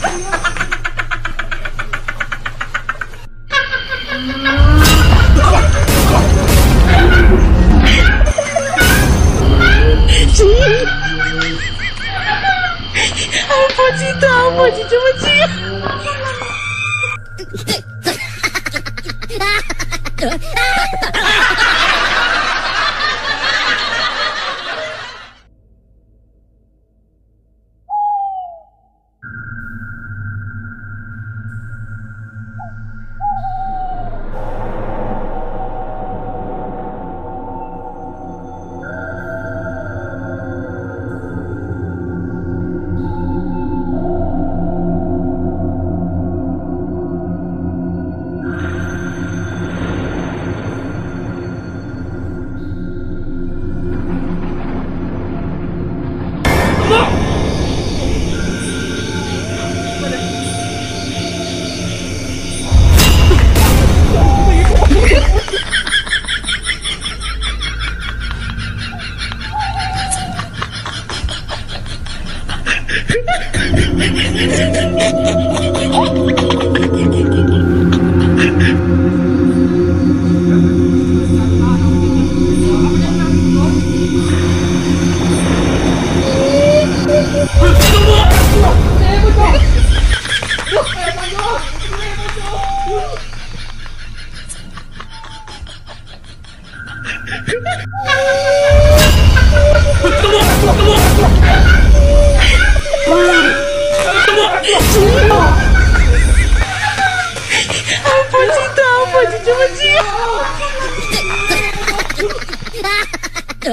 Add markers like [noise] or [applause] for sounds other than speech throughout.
几？[laughs] 我不记得，不记，不记。[laughs] 怎么？怎么？怎么？怎么？我不知道，不知道，不知道。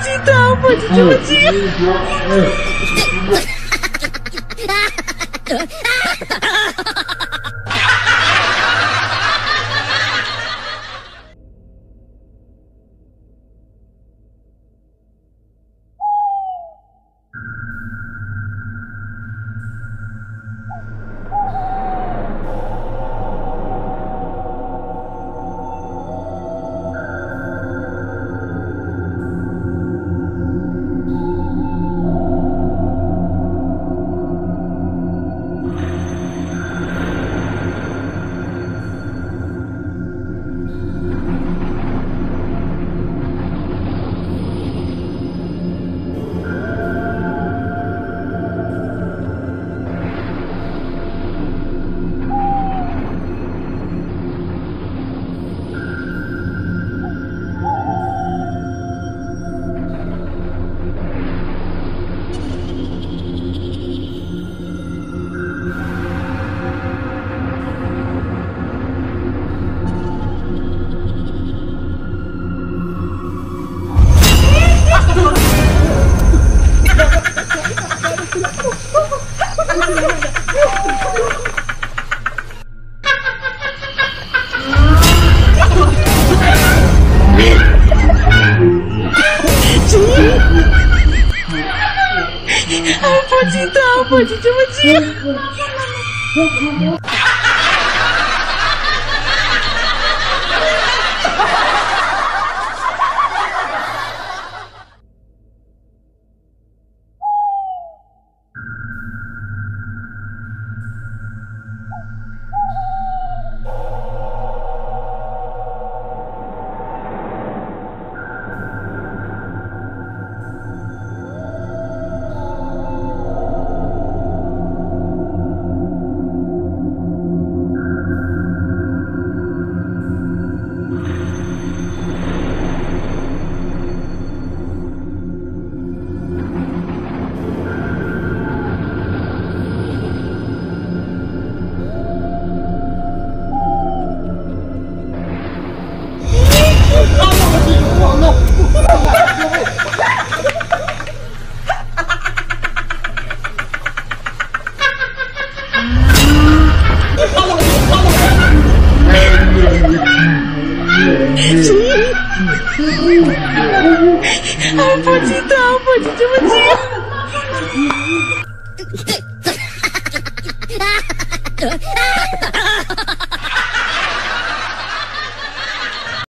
pode então, pode então, [laughs] 莫急，我急。Ai, pode então, pode te matar. [laughs]